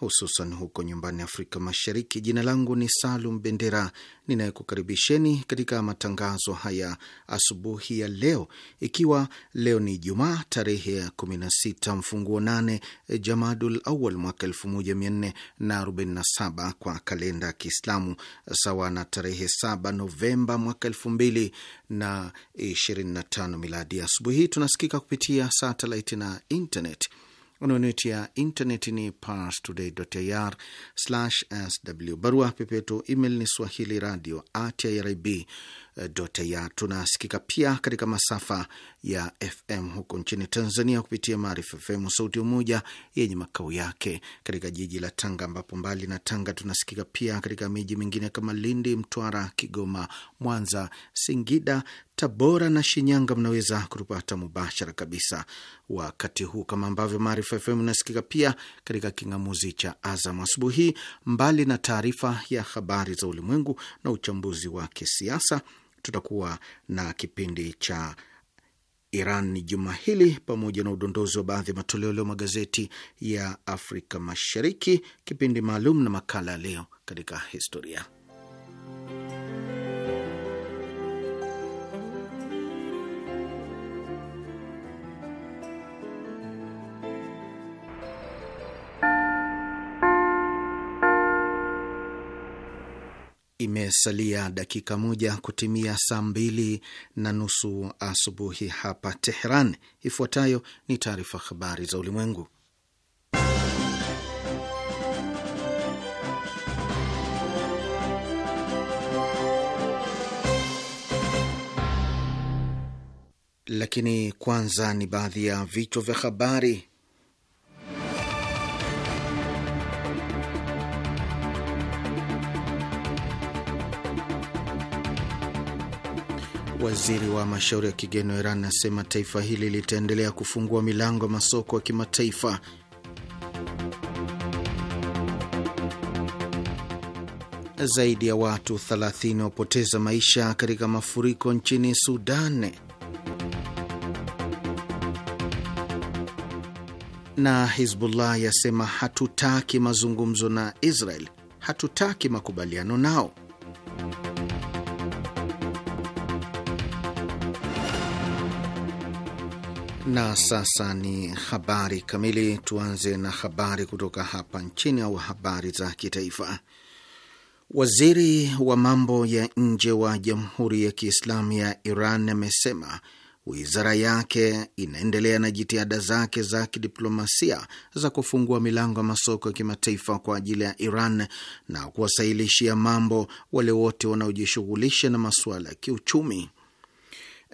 hususan huko nyumbani Afrika Mashariki. Jina langu ni Salum Bendera ninayekukaribisheni katika matangazo haya asubuhi ya leo, ikiwa leo ni Jumaa tarehe ya 16 mfunguo 8 e, Jamadul Awal mwaka 1447 kwa kalenda ya Kiislamu, sawa na tarehe 7 Novemba mwaka 2025 miladi. Asubuhi hii tunasikika kupitia satelit na internet. Anwani ya intaneti ni parstoday.ir/sw. Barua pepeto email ni swahili radio at irib ya. Tunasikika pia katika masafa ya FM huko nchini Tanzania kupitia Maarifa FM Sauti Umoja yenye makao yake katika jiji la Tanga, ambapo mbali na Tanga tunasikika pia katika miji mingine kama Lindi, Mtwara, Kigoma, Mwanza, Singida, Tabora na Shinyanga. Mnaweza kutupata mubashara kabisa wakati huu, kama ambavyo Maarifa FM inasikika pia katika kingamuzi cha Azam asubuhi mbali na taarifa ya habari za ulimwengu na uchambuzi wa kisiasa tutakuwa na kipindi cha Iran ni juma hili pamoja na udondozi wa baadhi ya matoleo leo magazeti ya Afrika Mashariki, kipindi maalum na makala ya leo katika historia. imesalia dakika moja kutimia saa mbili na nusu asubuhi hapa Teheran. Ifuatayo ni taarifa habari za ulimwengu, lakini kwanza ni baadhi ya vichwa vya habari. Waziri wa mashauri ya kigeni wa Iran anasema taifa hili litaendelea kufungua milango ya masoko ya kimataifa. Zaidi ya watu 30 wapoteza maisha katika mafuriko nchini Sudan. Na Hizbullah yasema hatutaki mazungumzo na Israel, hatutaki makubaliano nao. Na sasa ni habari kamili. Tuanze na habari kutoka hapa nchini au habari za kitaifa. Waziri wa mambo ya nje wa Jamhuri ya Kiislamu ya Iran amesema wizara yake inaendelea na jitihada zake za kidiplomasia za kufungua milango ya masoko ya kimataifa kwa ajili ya Iran na kuwasailishia mambo wale wote wanaojishughulisha na masuala ya kiuchumi.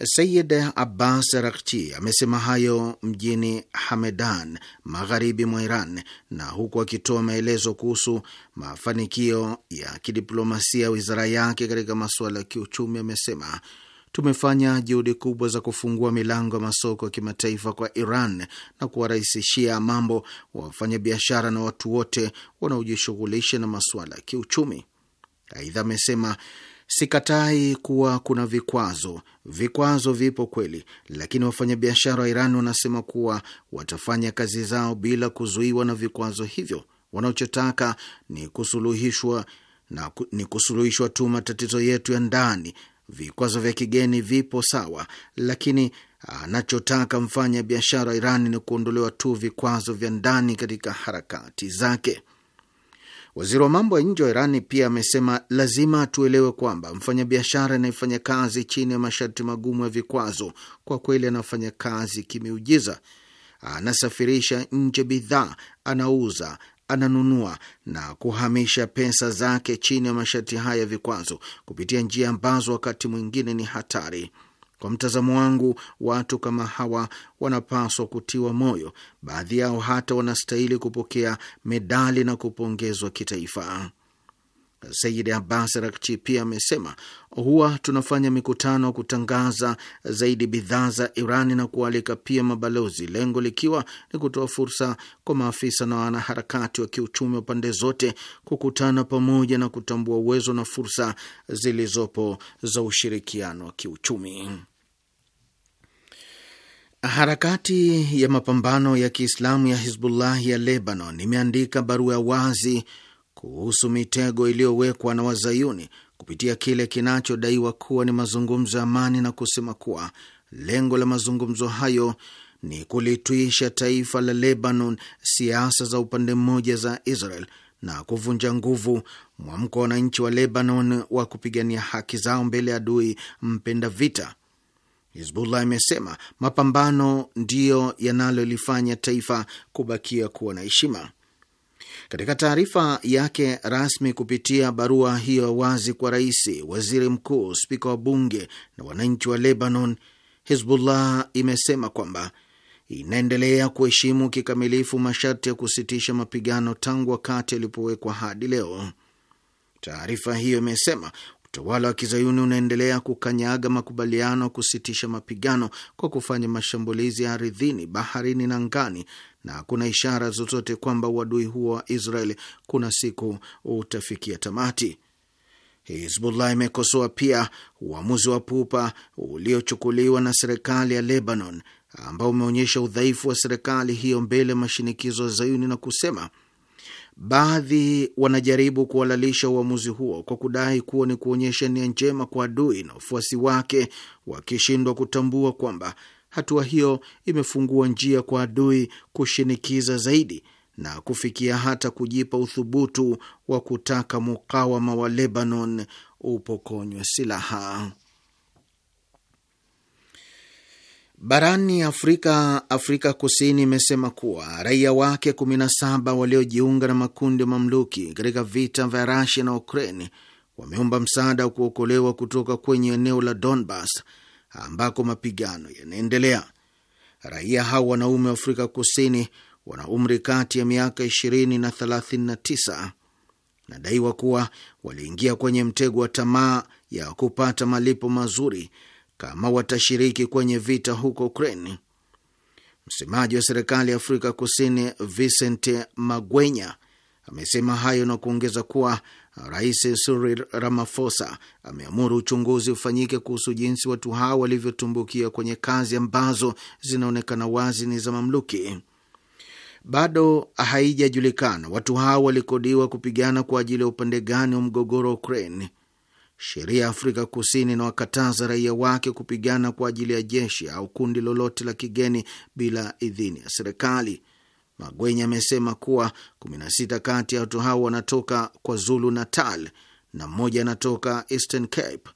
Sayid Abbas rakchi amesema hayo mjini Hamedan, magharibi mwa Iran, na huku akitoa maelezo kuhusu mafanikio ya kidiplomasia wizara yake katika masuala ya kiuchumi, amesema tumefanya juhudi kubwa za kufungua milango ya masoko ya kimataifa kwa Iran na kuwarahisishia mambo wafanyabiashara na watu wote wanaojishughulisha na masuala ya kiuchumi. Aidha amesema Sikatai kuwa kuna vikwazo, vikwazo vipo kweli, lakini wafanyabiashara wa Iran wanasema kuwa watafanya kazi zao bila kuzuiwa na vikwazo hivyo. Wanachotaka ni kusuluhishwa na ni kusuluhishwa tu matatizo yetu ya ndani. Vikwazo vya kigeni vipo sawa, lakini anachotaka mfanya biashara wa Iran ni kuondolewa tu vikwazo vya ndani katika harakati zake. Waziri wa mambo ya nje wa Irani pia amesema lazima tuelewe kwamba mfanyabiashara anayefanya kazi chini ya masharti magumu ya vikwazo, kwa kweli anafanya kazi kimeujiza. Anasafirisha nje bidhaa, anauza, ananunua na kuhamisha pesa zake chini ya masharti haya ya vikwazo kupitia njia ambazo wakati mwingine ni hatari. Kwa mtazamo wangu, watu kama hawa wanapaswa kutiwa moyo. Baadhi yao hata wanastahili kupokea medali na kupongezwa kitaifa. Sayid Abbas Rakchi pia amesema huwa tunafanya mikutano kutangaza zaidi bidhaa za Irani na kualika pia mabalozi, lengo likiwa ni kutoa fursa kwa maafisa na wanaharakati wa kiuchumi wa pande zote kukutana pamoja na kutambua uwezo na fursa zilizopo za ushirikiano wa kiuchumi. Harakati ya mapambano ya Kiislamu ya Hizbullah ya Lebanon imeandika barua ya wazi kuhusu mitego iliyowekwa na wazayuni kupitia kile kinachodaiwa kuwa ni mazungumzo ya amani na kusema kuwa lengo la mazungumzo hayo ni kulitwisha taifa la Lebanon siasa za upande mmoja za Israel na kuvunja nguvu mwamko wa wananchi wa Lebanon wa kupigania haki zao mbele ya adui mpenda vita. Hizbullah imesema mapambano ndiyo yanalolifanya taifa kubakia kuwa na heshima. Katika taarifa yake rasmi kupitia barua hiyo ya wazi kwa rais, waziri mkuu, spika wa bunge na wananchi wa Lebanon, Hizbullah imesema kwamba inaendelea kuheshimu kikamilifu masharti ya kusitisha mapigano tangu wakati yalipowekwa hadi leo. Taarifa hiyo imesema utawala wa kizayuni unaendelea kukanyaga makubaliano ya kusitisha mapigano kwa kufanya mashambulizi ya ardhini, baharini na ngani na hakuna ishara zozote kwamba uadui huo wa Israel kuna siku utafikia tamati. Hizbullah imekosoa pia uamuzi wa pupa uliochukuliwa na serikali ya Lebanon ambao umeonyesha udhaifu wa serikali hiyo mbele ya mashinikizo ya Zayuni na kusema baadhi wanajaribu kuhalalisha uamuzi huo kwa kudai kuwa ni kuonyesha nia njema kwa adui na wafuasi wake, wakishindwa kutambua kwamba hatua hiyo imefungua njia kwa adui kushinikiza zaidi na kufikia hata kujipa uthubutu wa kutaka mukawama wa Lebanon upokonywe silaha. Barani Afrika, Afrika Kusini imesema kuwa raia wake 17 waliojiunga na makundi mamluki katika vita vya Rasia na Ukraine wameomba msaada wa kuokolewa kutoka kwenye eneo la Donbas ambako mapigano yanaendelea. Raia hao wanaume wa Afrika Kusini wana umri kati ya miaka 20 na 39. Nadaiwa kuwa waliingia kwenye mtego wa tamaa ya kupata malipo mazuri kama watashiriki kwenye vita huko Ukraine. Msemaji wa serikali ya Afrika Kusini vicente Magwenya amesema hayo na kuongeza kuwa Rais Cyril Ramaphosa ameamuru uchunguzi ufanyike kuhusu jinsi watu hao walivyotumbukia kwenye kazi ambazo zinaonekana wazi ni za mamluki. Bado haijajulikana watu hao walikodiwa kupigana kwa ajili ya upande gani wa mgogoro wa Ukraine. Sheria ya Afrika Kusini inawakataza raia wake kupigana kwa ajili ya jeshi au kundi lolote la kigeni bila idhini ya serikali. Magwenyi amesema kuwa 16 kati ya watu hao wanatoka kwa Zulu Natal na mmoja anatoka Eastern Cape.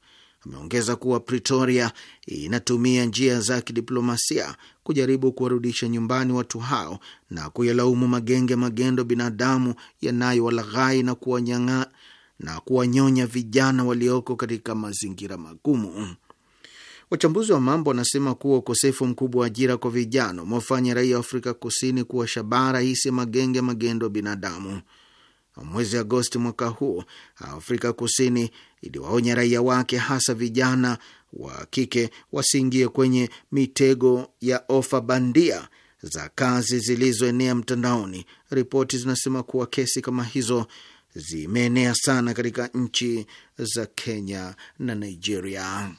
Ameongeza kuwa Pretoria inatumia njia za kidiplomasia kujaribu kuwarudisha nyumbani watu hao na kuyalaumu magenge magendo binadamu yanayowalaghai na kuwanyang'a na kuwanyonya vijana walioko katika mazingira magumu. Wachambuzi wa mambo wanasema kuwa ukosefu mkubwa wa ajira kwa vijana umewafanya raia wa Afrika Kusini kuwa shabaha rahisi magenge magendo ya binadamu. Mwezi Agosti mwaka huu Afrika Kusini iliwaonya raia wake, hasa vijana wa kike, wasiingie kwenye mitego ya ofa bandia za kazi zilizoenea mtandaoni. Ripoti zinasema kuwa kesi kama hizo zimeenea sana katika nchi za Kenya na Nigeria.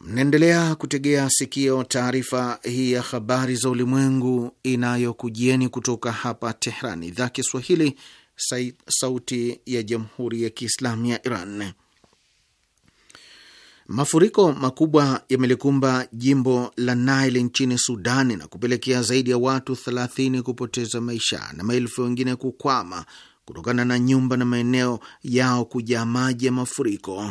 Mnaendelea kutegea sikio taarifa hii ya habari za ulimwengu inayokujieni kutoka hapa Tehran, idhaa Kiswahili, sauti ya jamhuri ya kiislamu ya Iran. Mafuriko makubwa yamelikumba jimbo la Nile nchini Sudani na kupelekea zaidi ya watu 30 kupoteza maisha na maelfu wengine kukwama kutokana na nyumba na maeneo yao kujaa maji ya mafuriko.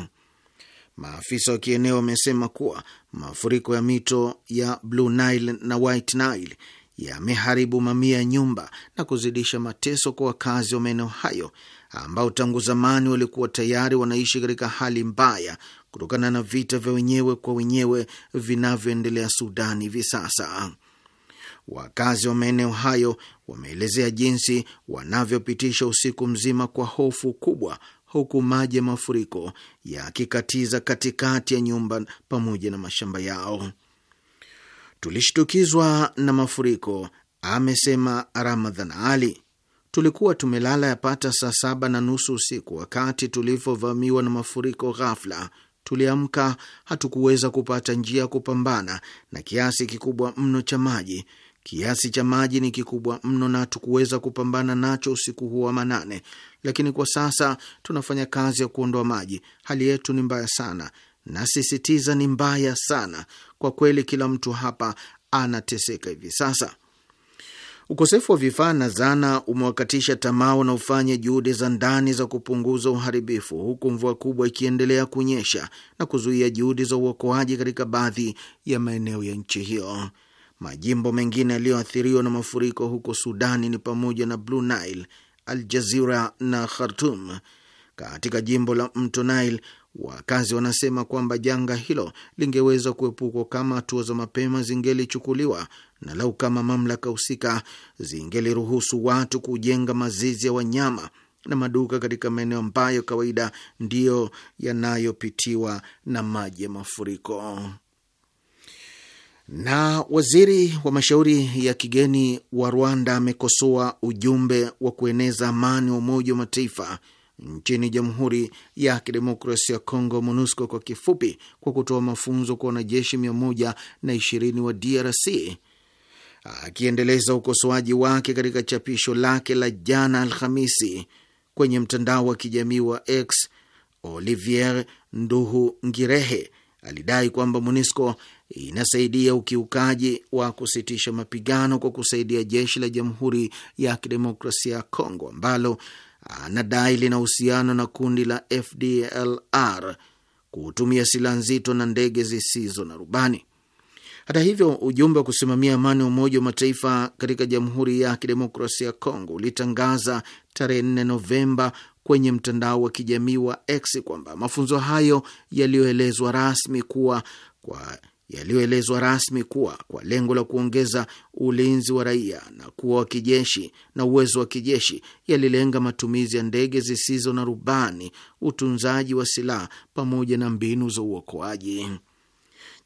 Maafisa wa kieneo wamesema kuwa mafuriko ya mito ya Blue Nile na White Nile yameharibu mamia ya nyumba na kuzidisha mateso kwa wakazi wa maeneo hayo ambao tangu zamani walikuwa tayari wanaishi katika hali mbaya kutokana na vita vya wenyewe kwa wenyewe vinavyoendelea Sudani hivi sasa. Wakazi wa maeneo hayo wameelezea jinsi wanavyopitisha usiku mzima kwa hofu kubwa, huku maji ya mafuriko yakikatiza katikati ya nyumba pamoja na mashamba yao. Tulishtukizwa na mafuriko, amesema Ramadhan Ali. Tulikuwa tumelala yapata saa saba na nusu usiku wakati tulivyovamiwa na mafuriko ghafla. Tuliamka, hatukuweza kupata njia ya kupambana na kiasi kikubwa mno cha maji Kiasi cha maji ni kikubwa mno na hatukuweza kupambana nacho usiku huo wa manane, lakini kwa sasa tunafanya kazi ya kuondoa maji. Hali yetu ni mbaya sana, nasisitiza ni mbaya sana kwa kweli. Kila mtu hapa anateseka hivi sasa. Ukosefu wa vifaa na zana umewakatisha tamaa wanaofanya juhudi za ndani za kupunguza uharibifu, huku mvua kubwa ikiendelea kunyesha na kuzuia juhudi za uokoaji katika baadhi ya maeneo ya nchi hiyo. Majimbo mengine yaliyoathiriwa na mafuriko huko Sudani ni pamoja na Blue Nile, Al Jazira na Khartum. Katika jimbo la mto Nile, wakazi wanasema kwamba janga hilo lingeweza kuepukwa kama hatua za mapema zingelichukuliwa na lau kama mamlaka husika zingeliruhusu watu kujenga mazizi ya wanyama na maduka katika maeneo ambayo kawaida ndiyo yanayopitiwa na maji ya mafuriko. Na waziri wa mashauri ya kigeni wa Rwanda amekosoa ujumbe wa kueneza amani wa Umoja wa Mataifa nchini Jamhuri ya Kidemokrasia ya Kongo, MONUSCO kwa kifupi, kwa kutoa mafunzo kwa wanajeshi mia moja na ishirini wa DRC. Akiendeleza ukosoaji wake katika chapisho lake la jana Alhamisi kwenye mtandao wa kijamii wa X, Olivier Nduhu Ngirehe alidai kwamba MONUSCO inasaidia ukiukaji wa kusitisha mapigano kwa kusaidia jeshi la Jamhuri ya Kidemokrasia ya Kongo ambalo anadai lina uhusiano na kundi la FDLR kutumia silaha nzito na ndege zisizo na rubani. Hata hivyo, ujumbe wa kusimamia amani wa Umoja wa Mataifa katika Jamhuri ya Kidemokrasia ya Kongo ulitangaza tarehe 4 Novemba kwenye mtandao wa kijamii wa X kwamba mafunzo hayo yaliyoelezwa rasmi kuwa kwa yaliyoelezwa rasmi kuwa kwa lengo la kuongeza ulinzi wa raia na kuwa wa kijeshi na uwezo wa kijeshi, yalilenga matumizi ya ndege zisizo na rubani, utunzaji wa silaha pamoja na mbinu za uokoaji.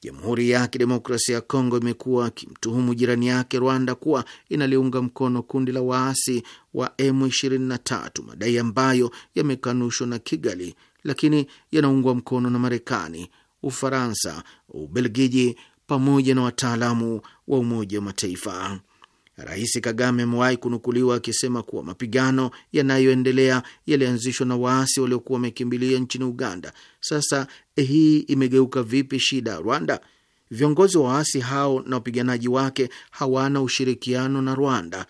Jamhuri ya Kidemokrasia ya Kongo imekuwa kimtuhumu jirani yake Rwanda kuwa inaliunga mkono kundi la waasi wa M23, madai ambayo yamekanushwa na Kigali, lakini yanaungwa mkono na Marekani Ufaransa, Ubelgiji pamoja na wataalamu wa Umoja wa Mataifa. Rais Kagame amewahi kunukuliwa akisema kuwa mapigano yanayoendelea yalianzishwa na waasi waliokuwa wamekimbilia nchini Uganda. Sasa eh, hii imegeuka vipi shida ya Rwanda? Viongozi wa waasi hao na wapiganaji wake hawana ushirikiano na Rwanda.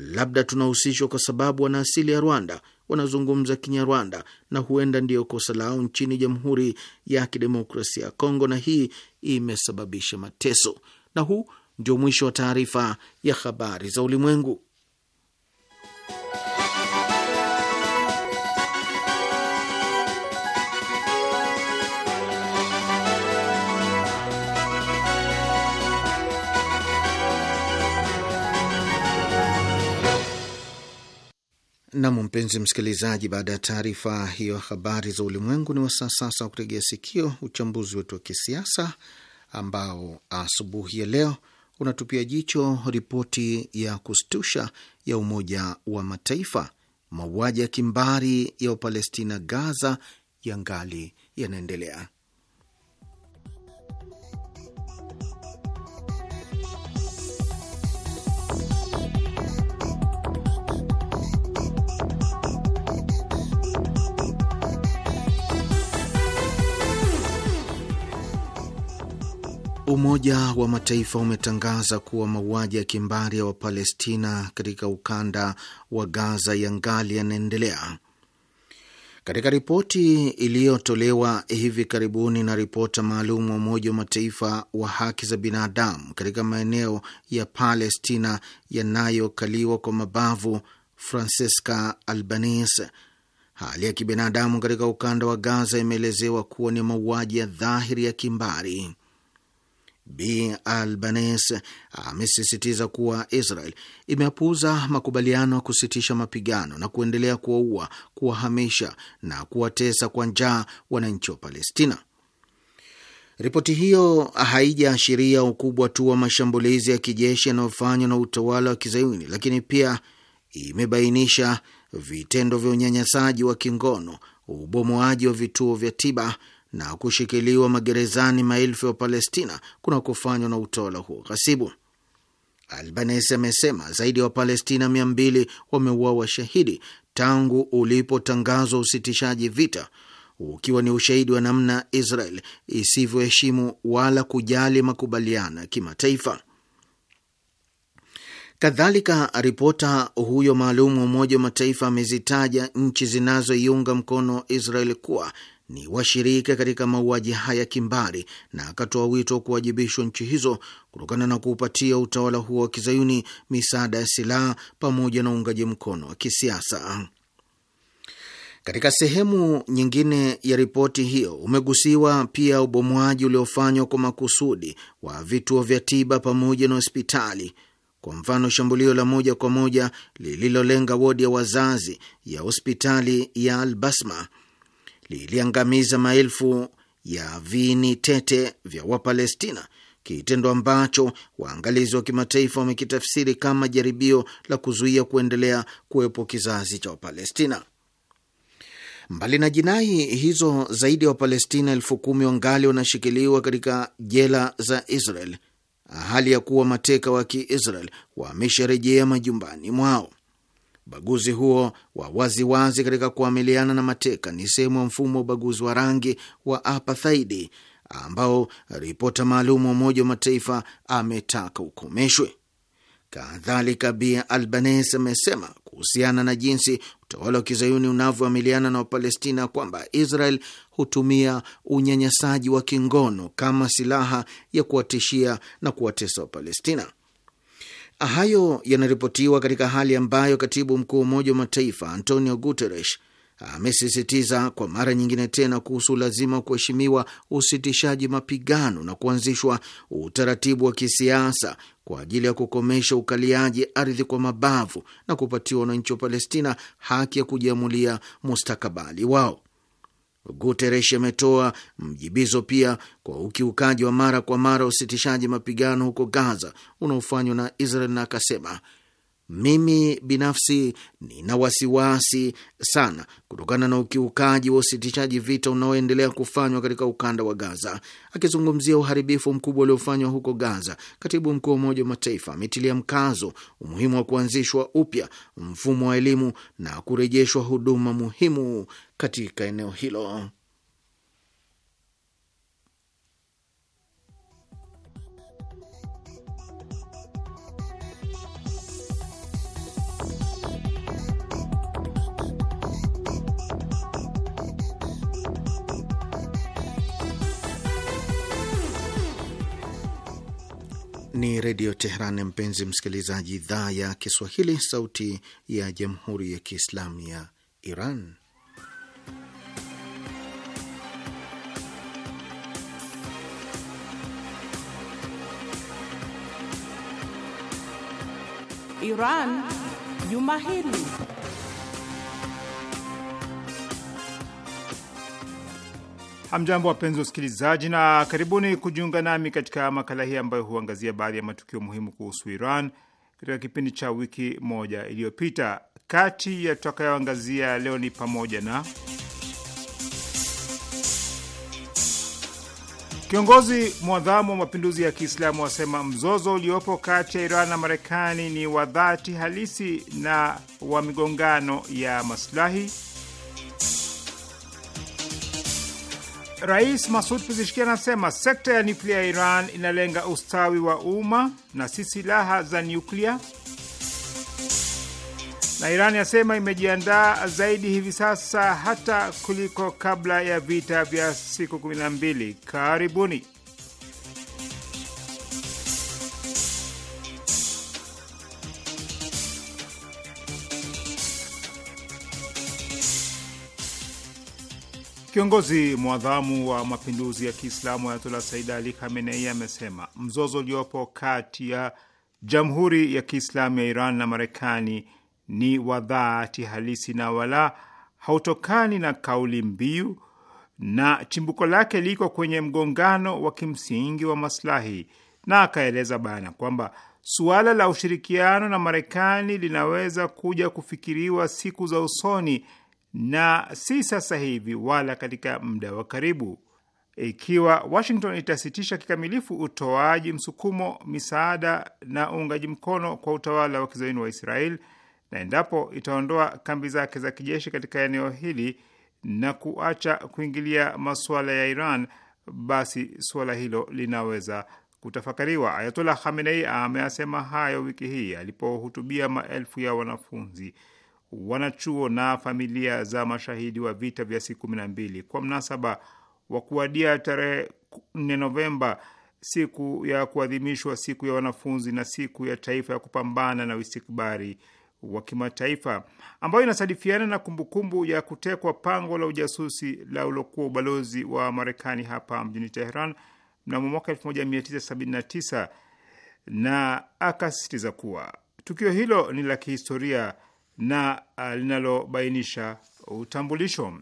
Labda tunahusishwa kwa sababu wana asili ya Rwanda wanazungumza Kinyarwanda na huenda ndiyo kosa lao nchini Jamhuri ya Kidemokrasia ya Kongo, na hii imesababisha mateso. Na huu ndio mwisho wa taarifa ya habari za ulimwengu. Nam, mpenzi msikilizaji, baada ya taarifa hiyo habari za ulimwengu, ni wasaa sasa wa kutegea sikio uchambuzi wetu wa kisiasa ambao asubuhi ya leo unatupia jicho ripoti ya kustusha ya Umoja wa Mataifa, mauaji ya kimbari ya Wapalestina Gaza yangali yanaendelea. Umoja wa Mataifa umetangaza kuwa mauaji ya kimbari ya Wapalestina katika ukanda wa Gaza yangali yanaendelea. Katika ripoti iliyotolewa hivi karibuni na ripota maalum wa Umoja wa Mataifa wa haki za binadamu katika maeneo ya Palestina yanayokaliwa kwa mabavu, Francesca Albanese, hali ya kibinadamu katika ukanda wa Gaza imeelezewa kuwa ni mauaji ya dhahiri ya kimbari. B Albanes amesisitiza kuwa Israel imepuuza makubaliano ya kusitisha mapigano na kuendelea kuwaua, kuwahamisha na kuwatesa kwa njaa wananchi wa Palestina. Ripoti hiyo haijaashiria ukubwa tu wa mashambulizi ya kijeshi yanayofanywa na utawala wa Kizayuni, lakini pia imebainisha vitendo vya unyanyasaji wa kingono, ubomoaji wa vituo vya tiba na kushikiliwa magerezani maelfu ya palestina kuna kufanywa na utawala huo ghasibu. Albanese amesema zaidi ya wa Wapalestina 200 wameuawa shahidi tangu ulipotangazwa usitishaji vita, ukiwa ni ushahidi wa namna Israel isivyoheshimu wala kujali makubaliano ya kimataifa. Kadhalika, ripota huyo maalum wa Umoja wa Mataifa amezitaja nchi zinazoiunga mkono Israel kuwa ni washirika katika mauaji haya kimbari, na akatoa wito wa kuwajibishwa nchi hizo kutokana na kuupatia utawala huo wa kizayuni misaada ya silaha pamoja na uungaji mkono wa kisiasa. Katika sehemu nyingine ya ripoti hiyo umegusiwa pia ubomoaji uliofanywa kwa makusudi wa vituo vya tiba pamoja na hospitali. Kwa mfano, shambulio la moja kwa moja lililolenga wodi ya wazazi ya hospitali ya Albasma liliangamiza maelfu ya vini tete vya Wapalestina, kitendo ambacho waangalizi wa kimataifa wamekitafsiri kama jaribio la kuzuia kuendelea kuwepo kizazi cha Wapalestina. Mbali na jinai hizo, zaidi ya wa Wapalestina elfu kumi wangali wanashikiliwa katika jela za Israel, hali ya kuwa mateka wa Kiisrael wamesharejea majumbani mwao. Ubaguzi huo wa waziwazi katika kuamiliana na mateka ni sehemu ya mfumo wa ubaguzi wa rangi wa apathaidi ambao ripota maalum wa Umoja wa Mataifa ametaka ukomeshwe. Kadhalika, Bi Albanes amesema kuhusiana na jinsi utawala wa kizayuni unavyoamiliana na Wapalestina kwamba Israel hutumia unyanyasaji wa kingono kama silaha ya kuwatishia na kuwatesa Wapalestina. Hayo yanaripotiwa katika hali ambayo katibu mkuu wa Umoja wa Mataifa Antonio Guterres amesisitiza kwa mara nyingine tena kuhusu lazima wa kuheshimiwa usitishaji mapigano na kuanzishwa utaratibu wa kisiasa kwa ajili ya kukomesha ukaliaji ardhi kwa mabavu na kupatiwa wananchi wa Palestina haki ya kujiamulia mustakabali wao. Guteresh ametoa mjibizo pia kwa ukiukaji wa mara kwa mara usitishaji mapigano huko Gaza unaofanywa na Israel na akasema mimi binafsi nina wasiwasi sana kutokana na ukiukaji wa usitishaji vita unaoendelea kufanywa katika ukanda wa Gaza. Akizungumzia uharibifu mkubwa uliofanywa huko Gaza, katibu mkuu wa Umoja wa Mataifa ametilia mkazo umuhimu wa kuanzishwa upya mfumo wa elimu na kurejeshwa huduma muhimu katika eneo hilo. ni Redio Teheran, mpenzi msikilizaji, idhaa ya Kiswahili, sauti ya Jamhuri ya Kiislamu ya Iran. Iran Juma Hili. Hamjambo, wapenzi wa usikilizaji, na karibuni kujiunga nami katika makala hii ambayo huangazia baadhi ya matukio muhimu kuhusu Iran katika kipindi cha wiki moja iliyopita. Kati ya tutakayoangazia leo ni pamoja na kiongozi mwadhamu wa mapinduzi ya Kiislamu wasema mzozo uliopo kati ya Iran na Marekani ni wa dhati halisi na wa migongano ya maslahi Rais Masud Pezeshkian anasema sekta ya nyuklia ya Iran inalenga ustawi wa umma na si silaha za nyuklia. Na Iran yasema imejiandaa zaidi hivi sasa hata kuliko kabla ya vita vya siku 12. Karibuni. Kiongozi mwadhamu wa mapinduzi ya Kiislamu Ayatollah Said Ali Khamenei amesema mzozo uliopo kati ya Jamhuri ya Kiislamu ya Iran na Marekani ni wa dhati halisi na wala hautokani na kauli mbiu, na chimbuko lake liko kwenye mgongano wa kimsingi wa maslahi, na akaeleza bayana kwamba suala la ushirikiano na Marekani linaweza kuja kufikiriwa siku za usoni na si sasa hivi wala katika muda wa karibu. Ikiwa Washington itasitisha kikamilifu utoaji msukumo, misaada na uungaji mkono kwa utawala wa kizayuni wa Israel na endapo itaondoa kambi zake za kijeshi katika eneo hili na kuacha kuingilia masuala ya Iran, basi suala hilo linaweza kutafakariwa. Ayatollah Khamenei ameasema hayo wiki hii alipohutubia maelfu ya wanafunzi wanachuo na familia za mashahidi wa vita vya siku kumi na mbili kwa mnasaba wa kuadia tarehe 4 Novemba, siku ya kuadhimishwa siku ya wanafunzi na siku ya taifa ya kupambana na uistikbari wa kimataifa ambayo inasadifiana na kumbukumbu ya kutekwa pango la ujasusi la ulokuwa ubalozi wa Marekani hapa mjini Teheran mnamo mwaka 1979 na akasisitiza kuwa tukio hilo ni la kihistoria na uh, linalobainisha utambulisho.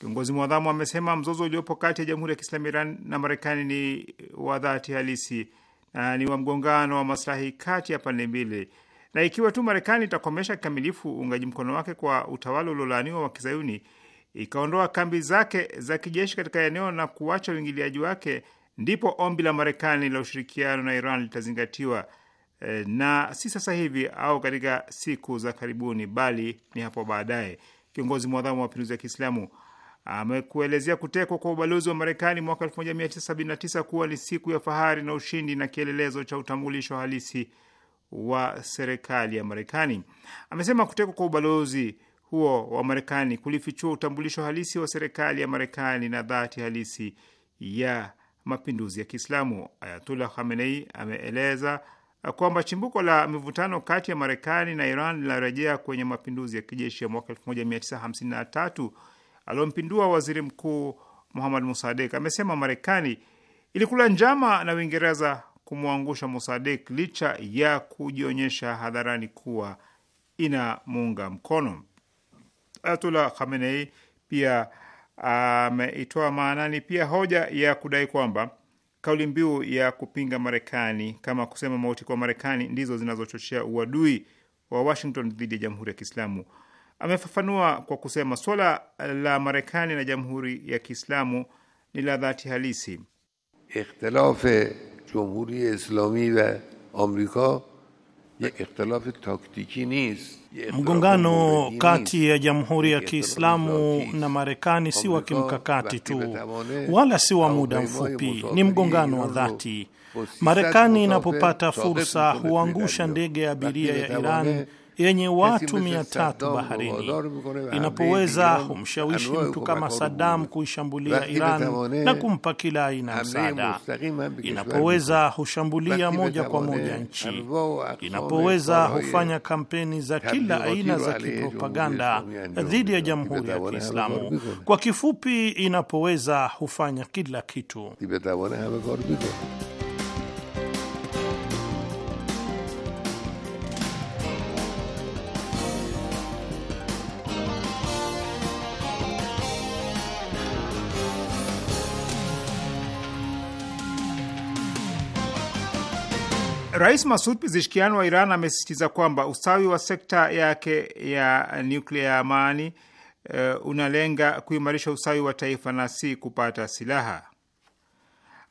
Kiongozi mwadhamu amesema mzozo uliopo kati ya Jamhuri ya Kiislamu Iran na Marekani ni wa dhati halisi na ni wa mgongano wa maslahi kati ya pande mbili, na ikiwa tu Marekani itakomesha kikamilifu uungaji mkono wake kwa utawala uliolaaniwa wa Kizayuni, ikaondoa kambi zake za kijeshi katika eneo na kuacha uingiliaji wake, ndipo ombi la Marekani la ushirikiano na Iran litazingatiwa Eh, na si sasa hivi au katika siku za karibuni, bali ni hapo baadaye. Kiongozi mwadhamu wa mapinduzi ya Kiislamu amekuelezea kutekwa kwa ubalozi wa Marekani mwaka 1979 kuwa ni siku ya fahari na ushindi na kielelezo cha utambulisho halisi wa serikali ya Marekani. Amesema kutekwa kwa ubalozi huo wa Marekani kulifichua utambulisho halisi wa serikali ya Marekani na dhati halisi ya mapinduzi ya Kiislamu. Ayatullah Khamenei ameeleza kwamba chimbuko la mivutano kati ya Marekani na Iran linarejea kwenye mapinduzi ya kijeshi ya mwaka 1953 aliompindua waziri mkuu Muhammad Musadek. Amesema Marekani ilikula njama na Uingereza kumwangusha Musadek licha ya kujionyesha hadharani kuwa inamuunga mkono. Ayatullah Khamenei pia ameitoa maanani pia hoja ya kudai kwamba Kauli mbiu ya kupinga Marekani kama kusema mauti kwa Marekani ndizo zinazochochea uadui wa Washington dhidi ya Jamhuri ya Kiislamu. Amefafanua kwa kusema suala la Marekani na Jamhuri ya Kiislamu ni la dhati halisi. ikhtilaf jumhuri islami wa amerika Mgongano kati ya Jamhuri ya Kiislamu na Marekani si wa kimkakati tu wala si wa muda mfupi, ni mgongano wa dhati. Marekani inapopata fursa huangusha ndege ya abiria ya Iran yenye watu mia tatu baharini inapoweza humshawishi mtu kama sadamu kuishambulia Iran na kumpa kila aina msaada. Inapoweza hushambulia moja kwa moja nchi. Inapoweza hufanya kampeni za kila aina za kipropaganda dhidi ya Jamhuri ya Kiislamu. Kwa kifupi, inapoweza hufanya kila kitu. Rais Masud pizishkian wa Iran amesisitiza kwamba ustawi wa sekta yake ya nyuklia ya amani uh, unalenga kuimarisha ustawi wa taifa na si kupata silaha.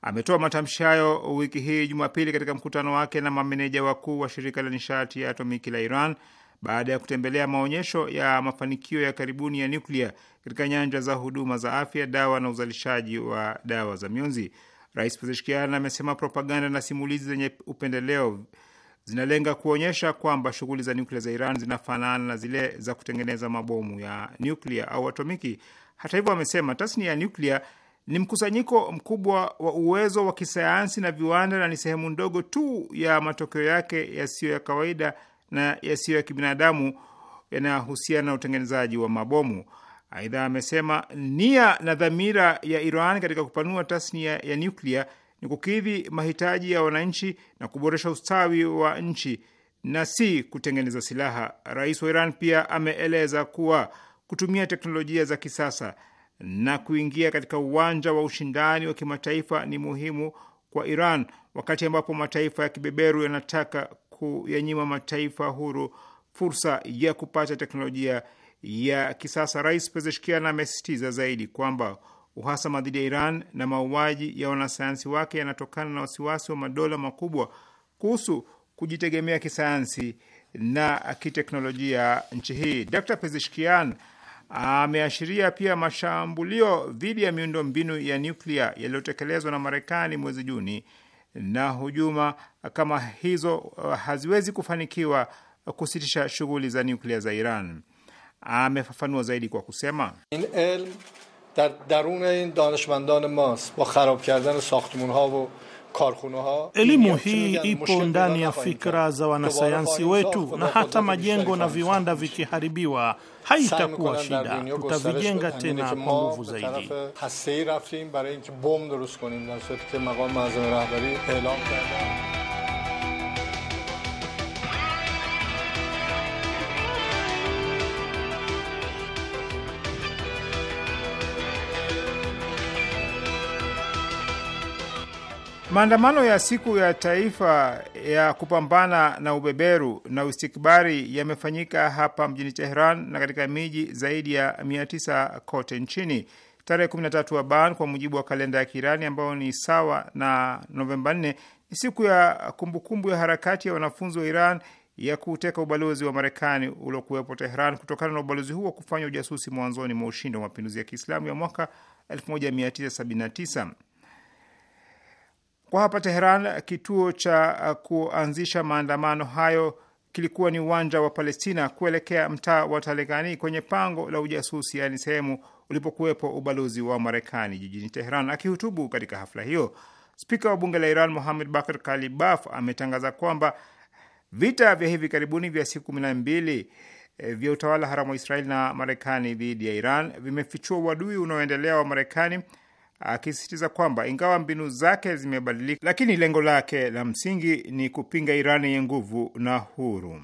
Ametoa matamshi hayo wiki hii Jumapili katika mkutano wake na mameneja wakuu wa shirika la nishati ya atomiki la Iran baada ya kutembelea maonyesho ya mafanikio ya karibuni ya nyuklia katika nyanja za huduma za afya, dawa na uzalishaji wa dawa za mionzi. Rais Pezeshkian amesema propaganda na simulizi zenye upendeleo zinalenga kuonyesha kwamba shughuli za nyuklia za Iran zinafanana na zile za kutengeneza mabomu ya nyuklia au atomiki. Hata hivyo, amesema tasnia ya nyuklia ni mkusanyiko mkubwa wa uwezo wa kisayansi na viwanda na ni sehemu ndogo tu ya matokeo yake yasiyo ya kawaida na yasiyo ya kibinadamu yanayohusiana na utengenezaji wa mabomu. Aidha amesema nia na dhamira ya Iran katika kupanua tasnia ya nyuklia ni kukidhi mahitaji ya wananchi na kuboresha ustawi wa nchi na si kutengeneza silaha. Rais wa Iran pia ameeleza kuwa kutumia teknolojia za kisasa na kuingia katika uwanja wa ushindani wa kimataifa ni muhimu kwa Iran wakati ambapo mataifa ya kibeberu yanataka kuyanyima mataifa huru fursa ya kupata teknolojia ya kisasa, Rais Pezeshkian amesisitiza zaidi kwamba uhasama dhidi ya Iran na mauaji ya wanasayansi wake yanatokana na wasiwasi wa madola makubwa kuhusu kujitegemea kisayansi na kiteknolojia nchi hii. Dr Pezeshkian ameashiria pia mashambulio dhidi ya miundo mbinu ya nyuklia yaliyotekelezwa na Marekani mwezi Juni, na hujuma kama hizo uh, haziwezi kufanikiwa kusitisha shughuli za nyuklia za Iran amefafanua zaidi kwa kusema Dar darun in danishmandan mast ba kharab kardan sakhtumunha va Elimu hii ipo ndani ya fikra za wanasayansi wetu, na hata majengo na viwanda vikiharibiwa haitakuwa shida, tutavijenga tena kwa nguvu zaidi. Maandamano ya siku ya taifa ya kupambana na ubeberu na ustikbari yamefanyika hapa mjini Teheran na katika miji zaidi ya 9 kote nchini. Tarehe 13 wa ban kwa mujibu wa kalenda ya Kiirani ambayo ni sawa na Novemba 4 ni siku ya kumbukumbu ya harakati ya wanafunzi wa Iran ya kuteka ubalozi wa Marekani uliokuwepo Teheran kutokana na ubalozi huo kufanya ujasusi mwanzoni mwa ushindi wa mapinduzi ya Kiislamu ya mwaka 1979. Kwa hapa Teheran, kituo cha uh, kuanzisha maandamano hayo kilikuwa ni uwanja wa Palestina kuelekea mtaa wa Talegani kwenye pango la ujasusi, yaani sehemu ulipokuwepo ubalozi wa Marekani jijini Teheran. Akihutubu katika hafla hiyo, spika wa bunge la Iran Mohamed Bakr Kalibaf ametangaza kwamba vita vya hivi karibuni vya siku kumi na mbili eh, vya utawala haramu wa Israeli na Marekani dhidi ya Iran vimefichua uadui unaoendelea wa Marekani akisisitiza kwamba ingawa mbinu zake zimebadilika, lakini lengo lake la msingi ni kupinga Iran yenye nguvu na huru.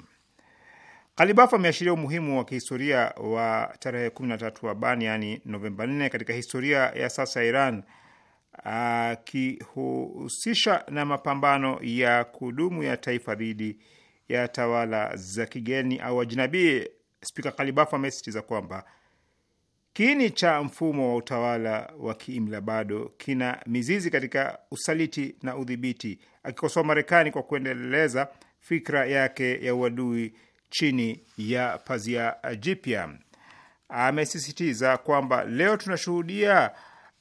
Kalibaf ameashiria umuhimu wa kihistoria wa tarehe 13 Aban, yani Novemba 4 katika historia ya sasa ya Iran, akihusisha na mapambano ya kudumu ya taifa dhidi ya tawala za kigeni au wajinabii Spika Kalibaf amesisitiza kwamba Kiini cha mfumo wa utawala wa kiimla bado kina mizizi katika usaliti na udhibiti, akikosoa Marekani kwa kuendeleza fikra yake ya uadui chini ya pazia jipya. Amesisitiza kwamba leo tunashuhudia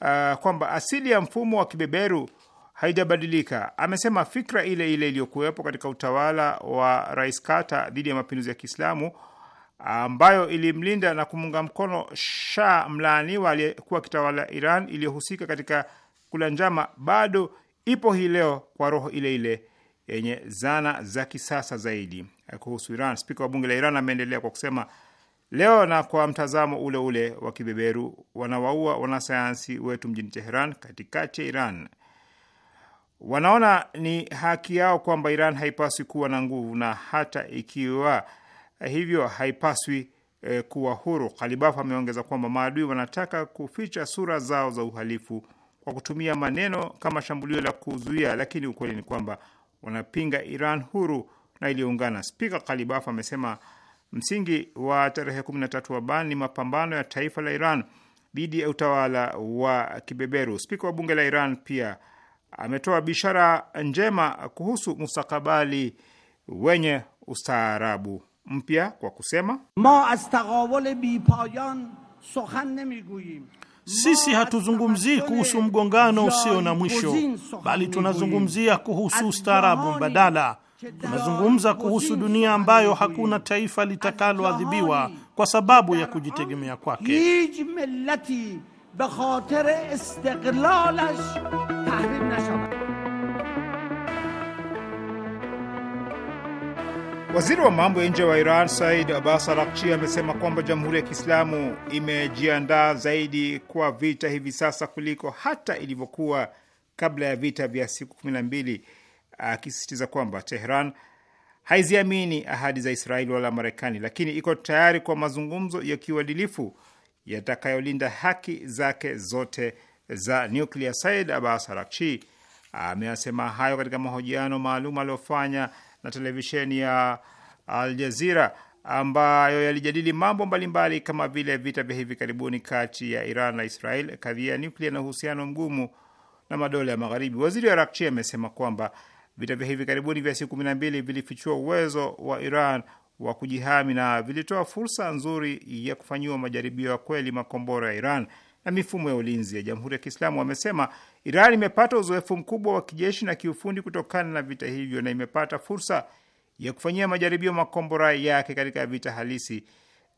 uh, kwamba asili ya mfumo wa kibeberu haijabadilika. Amesema fikra ile ile iliyokuwepo katika utawala wa Rais Carter dhidi ya mapinduzi ya Kiislamu ambayo ilimlinda na kumunga mkono sha mlaaniwa aliyekuwa akitawala Iran iliyohusika katika kula njama bado ipo hii leo kwa roho ile ile yenye zana za kisasa zaidi. Kuhusu Iran, spika wa bunge la Iran ameendelea kwa kusema, leo na kwa mtazamo ule ule wa kibeberu wanawaua wanasayansi wetu mjini Teheran, katikati ya Iran. Wanaona ni haki yao kwamba Iran haipaswi kuwa na nguvu, na hata ikiwa Eh, hivyo haipaswi eh, kuwa huru. Khalibafu ameongeza kwamba maadui wanataka kuficha sura zao za uhalifu kwa kutumia maneno kama shambulio la kuzuia, lakini ukweli ni kwamba wanapinga Iran huru na iliyoungana. Spika Khalibafu amesema msingi wa tarehe 13 wa Ban ni mapambano ya taifa la Iran dhidi ya utawala wa kibeberu. Spika wa bunge la Iran pia ametoa bishara njema kuhusu mustakabali wenye ustaarabu mpya kwa kusema sisi hatuzungumzii kuhusu mgongano usio na mwisho, bali tunazungumzia kuhusu ustaarabu mbadala. Tunazungumza kuhusu dunia ambayo hakuna taifa litakaloadhibiwa kwa sababu ya kujitegemea kwake. Waziri wa mambo ya nje wa Iran Said Abbas Arakchi amesema kwamba Jamhuri ya Kiislamu imejiandaa zaidi kwa vita hivi sasa kuliko hata ilivyokuwa kabla ya vita vya siku kumi na mbili, akisisitiza kwamba Tehran haiziamini ahadi za Israeli wala Marekani, lakini iko tayari kwa mazungumzo ya kiuadilifu yatakayolinda haki zake zote za nuklia. Said Abbas Arakchi ameasema hayo katika mahojiano maalum aliyofanya na televisheni ya Al Jazeera ambayo yalijadili mambo mbalimbali kama vile vita vya hivi karibuni kati ya Iran na Israel, kadhia ya nuklia na uhusiano mgumu na madola ya Magharibi. Waziri wa Rakchi amesema kwamba vita vya hivi karibuni vya siku kumi na mbili vilifichua uwezo wa Iran wa kujihami na vilitoa fursa nzuri ya kufanyiwa majaribio ya kweli makombora ya Iran na mifumo ya ulinzi ya Jamhuri ya Kiislamu. Amesema Iran imepata uzoefu mkubwa wa kijeshi na kiufundi kutokana na vita hivyo na imepata fursa ya kufanyia majaribio makombora yake katika vita halisi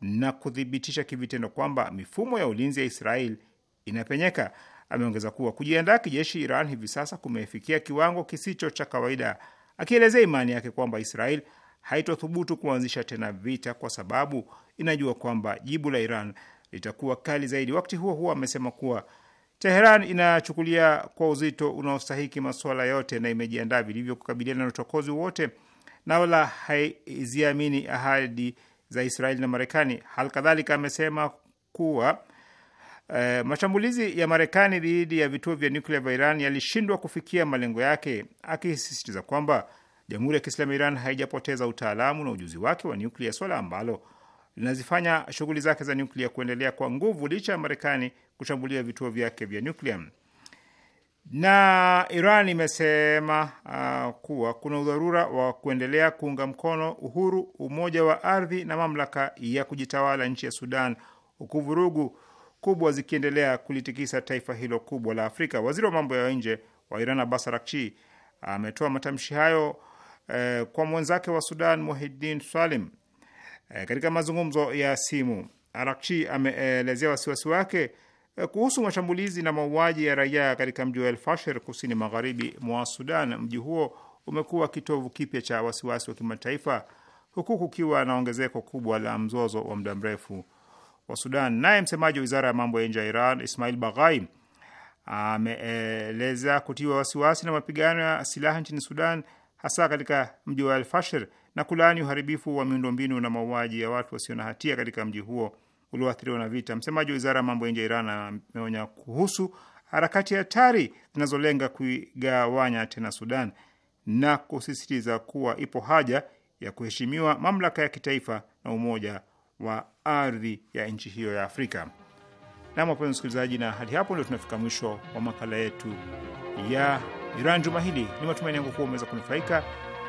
na kuthibitisha kivitendo kwamba mifumo ya ulinzi ya Israel inapenyeka. Ameongeza kuwa kujiandaa kijeshi Iran hivi sasa kumefikia kiwango kisicho cha kawaida, akielezea imani yake kwamba Israel haitothubutu kuanzisha tena vita kwa sababu inajua kwamba jibu la Iran litakuwa kali zaidi. Wakati huo huo, amesema kuwa Teheran inachukulia kwa uzito unaostahiki masuala yote na imejiandaa vilivyo kukabiliana na uchokozi wote na wala haiziamini ahadi za Israeli na Marekani. Hali kadhalika amesema kuwa e, mashambulizi ya Marekani dhidi ya vituo vya nyuklia vya Iran yalishindwa kufikia malengo yake, akisisitiza kwamba Jamhuri ya Kiislamu ya Iran haijapoteza utaalamu na ujuzi wake wa nyuklia, swala ambalo linazifanya shughuli zake za nyuklia kuendelea kwa nguvu licha ya Marekani kushambulia vituo vyake vya nyuklia. Na Iran imesema uh, kuwa kuna udharura wa kuendelea kuunga mkono uhuru, umoja wa ardhi na mamlaka ya kujitawala nchi ya Sudan, huku vurugu kubwa zikiendelea kulitikisa taifa hilo kubwa la Afrika. Waziri wa mambo ya nje wa Iran Abbas Araghchi ametoa uh, matamshi hayo uh, kwa mwenzake wa Sudan Muhiddin Salim E, katika mazungumzo ya simu Arakchi ameelezea wasiwasi wake eh, kuhusu mashambulizi na mauaji ya raia katika mji wa El Fasher kusini magharibi mwa Sudan. Mji huo umekuwa kitovu kipya cha wasiwasi wa kimataifa huku kukiwa na ongezeko kubwa la mzozo wa muda mrefu wa Sudan. Naye msemaji wa wizara ya mambo ya nje ya Iran Ismail Baghai ameeleza kutiwa wasiwasi na mapigano ya silaha nchini Sudan, hasa katika mji wa El na kulaani uharibifu wa miundombinu na mauaji ya watu wasio na hatia katika mji huo ulioathiriwa na vita. Msemaji wa wizara ya mambo ya nje ya Iran ameonya kuhusu harakati hatari zinazolenga kuigawanya tena Sudan na kusisitiza kuwa ipo haja ya kuheshimiwa mamlaka ya kitaifa na umoja wa ardhi ya nchi hiyo ya Afrika. Na wapenzi msikilizaji, na hadi hapo ndio tunafika mwisho wa makala yetu ya Iran juma hili. Ni matumaini yangu kuwa umeweza kunufaika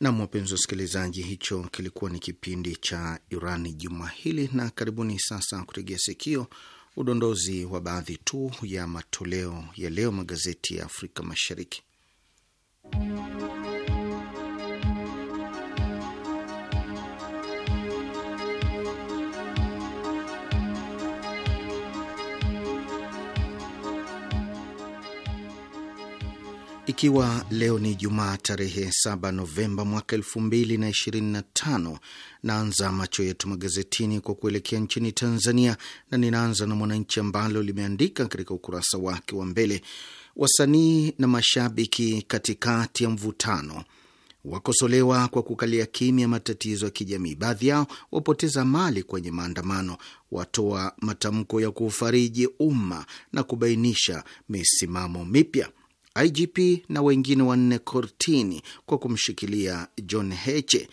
Nam, wapenzi wasikilizaji, hicho kilikuwa ni kipindi cha Irani juma hili, na karibuni sasa kutegea sikio udondozi wa baadhi tu ya matoleo ya leo magazeti ya Afrika Mashariki. ikiwa leo ni Jumaa tarehe 7 Novemba mwaka 2025, naanza macho yetu magazetini kwa kuelekea nchini Tanzania, na ninaanza na Mwananchi ambalo limeandika katika ukurasa wake wa mbele, wasanii na mashabiki katikati ya mvutano wakosolewa kwa kukalia kimya matatizo ya kijamii. Baadhi yao wapoteza mali kwenye maandamano, watoa matamko ya kufariji umma na kubainisha misimamo mipya. IGP na wengine wanne kortini kwa kumshikilia John Heche.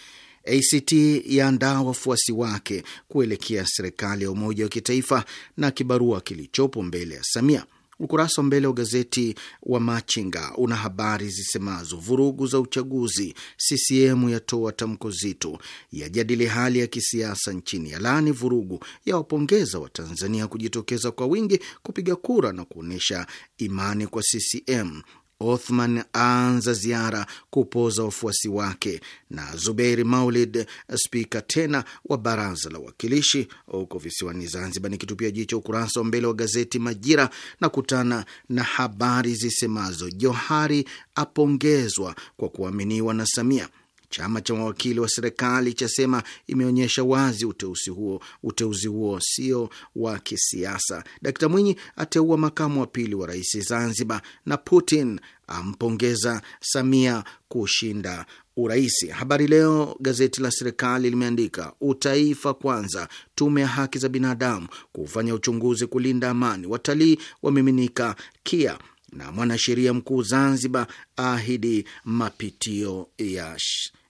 ACT yaandaa wafuasi wake kuelekea serikali ya umoja wa kitaifa na kibarua kilichopo mbele ya Samia. Ukurasa wa mbele wa gazeti wa Machinga una habari zisemazo: vurugu za uchaguzi, CCM yatoa tamko zito, yajadili hali ya kisiasa nchini, yalaani vurugu, yawapongeza Watanzania kujitokeza kwa wingi kupiga kura na kuonyesha imani kwa CCM, Othman aanza ziara kupoza wafuasi wake, na Zubeiri Maulid, spika tena wa baraza la uwakilishi huko visiwani Zanzibar. ni jii jicho ukurasa wa mbele wa gazeti Majira na kutana na habari zisemazo Johari apongezwa kwa kuaminiwa na Samia Chama cha mawakili wa serikali chasema imeonyesha wazi uteuzi huo uteuzi huo sio wa kisiasa. Dkt Mwinyi ateua makamu wa pili wa rais Zanzibar, na Putin ampongeza Samia kushinda uraisi. Habari Leo gazeti la serikali limeandika utaifa kwanza, tume ya haki za binadamu kufanya uchunguzi kulinda amani, watalii wamiminika KIA na mwanasheria mkuu Zanzibar ahidi mapitio ya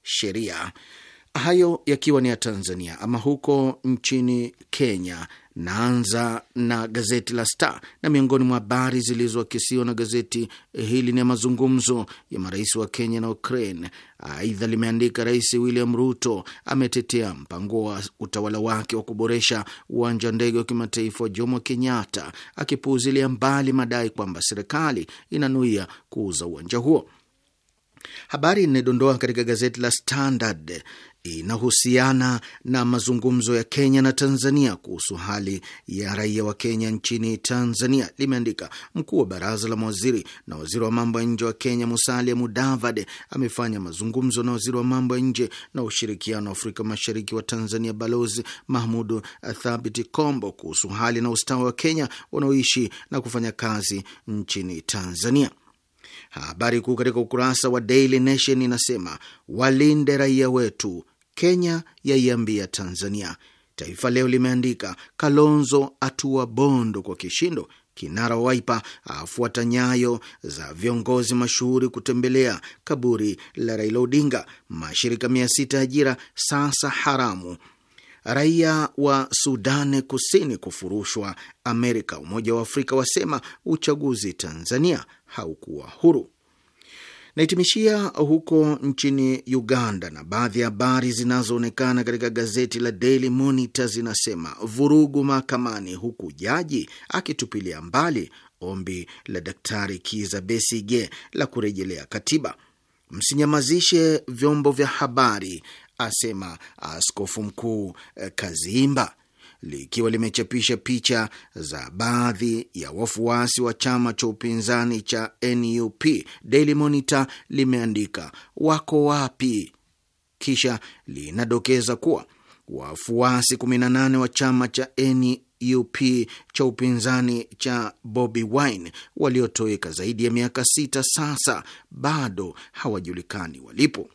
sheria. Hayo yakiwa ni ya Tanzania. Ama huko nchini Kenya Naanza na gazeti la Star na miongoni mwa habari zilizoakisiwa na gazeti hili ni mazungumzo ya marais wa Kenya na Ukraine. Aidha limeandika Rais William Ruto ametetea mpango wa utawala wake wa kuboresha uwanja wa ndege wa kimataifa wa Jomo Kenyatta, akipuuzilia mbali madai kwamba serikali inanuia kuuza uwanja huo. Habari inayodondoa katika gazeti la Standard inahusiana na mazungumzo ya Kenya na Tanzania kuhusu hali ya raia wa Kenya nchini Tanzania, limeandika mkuu wa baraza la mawaziri na waziri wa mambo ya nje wa Kenya Musalia Mudavade amefanya mazungumzo na waziri wa mambo ya nje na ushirikiano wa Afrika Mashariki wa Tanzania Balozi mahmudu Thabiti Kombo kuhusu hali na ustawi wa Kenya wanaoishi na kufanya kazi nchini Tanzania. Habari kuu katika ukurasa wa Daily Nation inasema walinde raia wetu Kenya yaiambia Tanzania. Taifa Leo limeandika Kalonzo atua Bondo kwa kishindo, kinara Waipa afuata nyayo za viongozi mashuhuri kutembelea kaburi la Raila Odinga, mashirika mia sita ajira sasa haramu, raia wa Sudan Kusini kufurushwa Amerika, Umoja wa Afrika wasema uchaguzi Tanzania haukuwa huru. Nahitimishia huko nchini Uganda, na baadhi ya habari zinazoonekana katika gazeti la Daily Monitor zinasema vurugu mahakamani, huku jaji akitupilia mbali ombi la Daktari Kiza Besige la kurejelea katiba. Msinyamazishe vyombo vya habari, asema Askofu Mkuu eh, Kazimba likiwa limechapisha picha za baadhi ya wafuasi wa chama cha upinzani cha NUP. Daily Monitor limeandika wako wapi, kisha linadokeza kuwa wafuasi 18 wa chama cha NUP cha upinzani cha Bobi Wine waliotoweka zaidi ya miaka sita sasa bado hawajulikani walipo.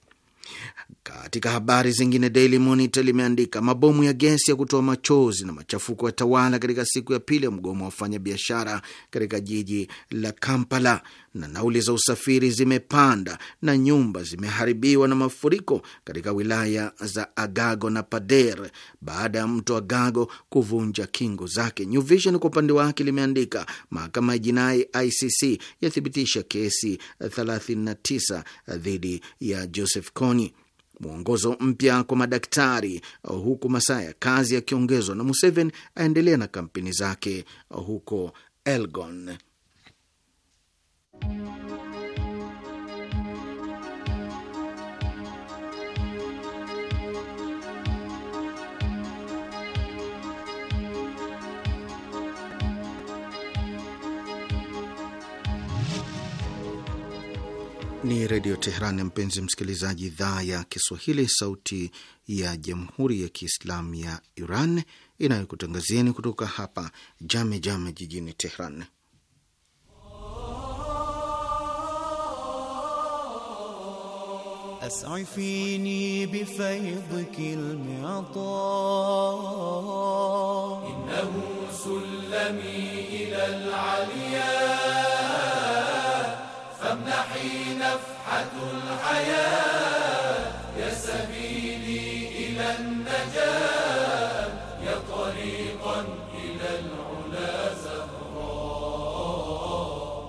Katika habari zingine, Daily Monitor limeandika mabomu ya gesi ya kutoa machozi na machafuko ya tawala katika siku ya pili ya mgomo wa wafanyabiashara katika jiji la Kampala, na nauli za usafiri zimepanda na nyumba zimeharibiwa na mafuriko katika wilaya za Agago na Pader baada ya mto Agago kuvunja kingo zake. New Vision kwa upande wake limeandika mahakama ya jinai ICC yathibitisha kesi 39 dhidi ya Joseph Kony mwongozo mpya kwa madaktari, huku masaa ya kazi yakiongezwa, na Museveni aendelea na kampeni zake huko Elgon. Ni Redio Teheran, mpenzi msikilizaji, idhaa ya Kiswahili, sauti ya Jamhuri ya Kiislamu ya Iran inayokutangazieni kutoka hapa Jame Jame jijini Teheran. As'ifini innahu ila روحي نفحة الحياة يا سبيلي إلى النجاة يا طريقا إلى العلا زهراء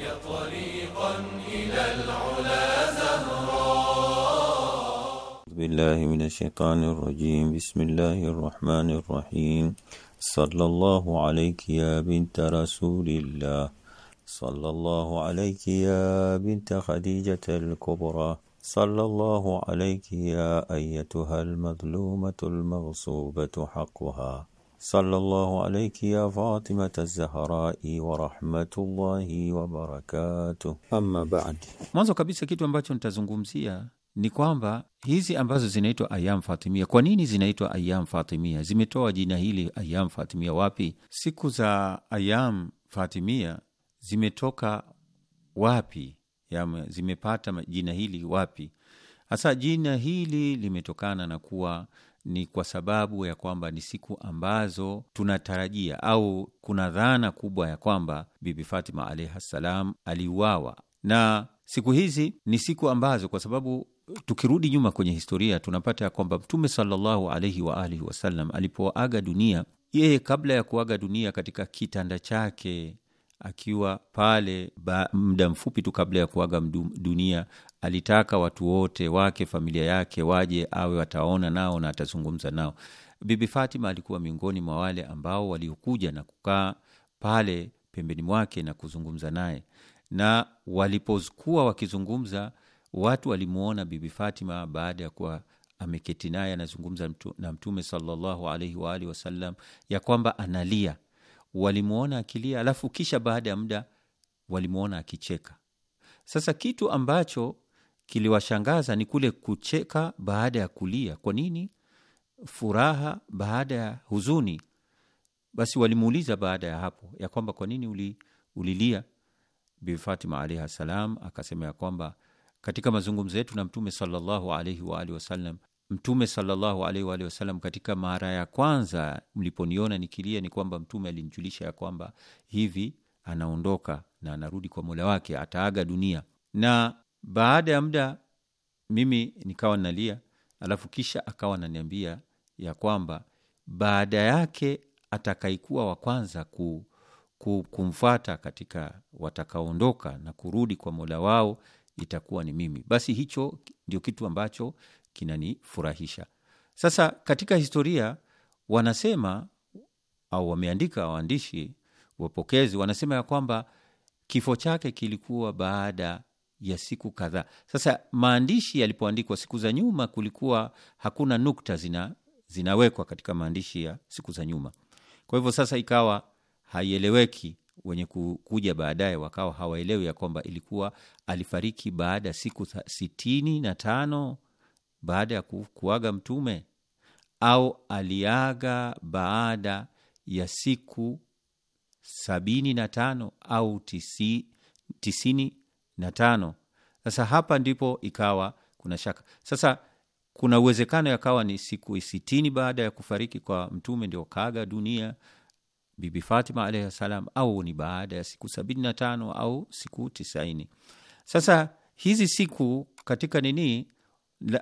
يا طريقا إلى العلا زهراء بالله من الشيطان الرجيم بسم الله الرحمن الرحيم صلى الله عليك يا بنت رسول الله صلى الله عليك يا بنت خديجة الكبرى صلى الله عليك يا أيتها المظلومة المغصوبة حقها صلى الله عليك يا فاطمة الزهراء ورحمة الله وبركاته. Amma baad, mwanzo kabisa kitu ambacho nitazungumzia ni kwamba hizi ambazo zinaitwa ayam fatimia, kwa nini zinaitwa ayam fatimia? Zimetoa jina hili ayam fatimia wapi? Siku za ayam fatimia zimetoka wapi ya zimepata jina hili wapi hasa jina hili limetokana na kuwa ni kwa sababu ya kwamba ni siku ambazo tunatarajia au kuna dhana kubwa ya kwamba bibi fatima alaihi ssalam aliuawa na siku hizi ni siku ambazo kwa sababu tukirudi nyuma kwenye historia tunapata ya kwamba mtume salllahu alaihi waalihi wasallam alipoaga dunia yeye kabla ya kuaga dunia katika kitanda chake akiwa pale muda mfupi tu kabla ya kuaga dunia alitaka watu wote wake familia yake waje awe wataona nao na atazungumza nao bibi fatima alikuwa miongoni mwa wale ambao waliokuja na kukaa pale pembeni mwake na kuzungumza naye na walipokuwa wakizungumza watu walimwona bibi fatima baada ya kuwa ameketi naye anazungumza na mtume, mtume salallahu wasallam ya kwamba analia walimwona akilia, alafu kisha baada ya muda walimwona akicheka. Sasa kitu ambacho kiliwashangaza ni kule kucheka baada ya kulia. Kwa nini? Furaha baada ya huzuni. Basi walimuuliza baada ya hapo ya kwamba kwa nini uli, ulilia? Bibi Fatima alaihi salam akasema ya kwamba katika mazungumzo yetu na Mtume sallallahu alaihi waalihi wasallam Mtume salallahu alaihi waalihi wasallam, katika mara ya kwanza mliponiona nikilia, ni kwamba Mtume alinjulisha ya kwamba hivi anaondoka na anarudi kwa mola wake, ataaga dunia. Na baada ya muda mimi nikawa nalia, alafu kisha akawa naniambia ya kwamba baada yake atakaikuwa wa kwanza ku, ku, kumfata katika watakaondoka na kurudi kwa mola wao itakuwa ni mimi. Basi hicho ndio kitu ambacho kinanifurahisha. Sasa katika historia wanasema au wameandika waandishi wapokezi, wanasema ya kwamba kifo chake kilikuwa baada ya siku kadhaa. Sasa maandishi yalipoandikwa siku za nyuma, kulikuwa hakuna nukta zina, zinawekwa katika maandishi ya siku za nyuma. Kwa hivyo sasa ikawa haieleweki, wenye kuja baadaye wakawa hawaelewi ya kwamba ilikuwa alifariki baada ya siku sitini na tano baada ya kuaga Mtume au aliaga baada ya siku sabini na tano au tisi, tisini na tano. Sasa hapa ndipo ikawa kuna shaka sasa. Kuna uwezekano yakawa ni siku sitini baada ya kufariki kwa Mtume ndio kaaga dunia Bibi Fatima alaihi salam, au ni baada ya siku sabini na tano au siku tisaini. Sasa hizi siku katika nini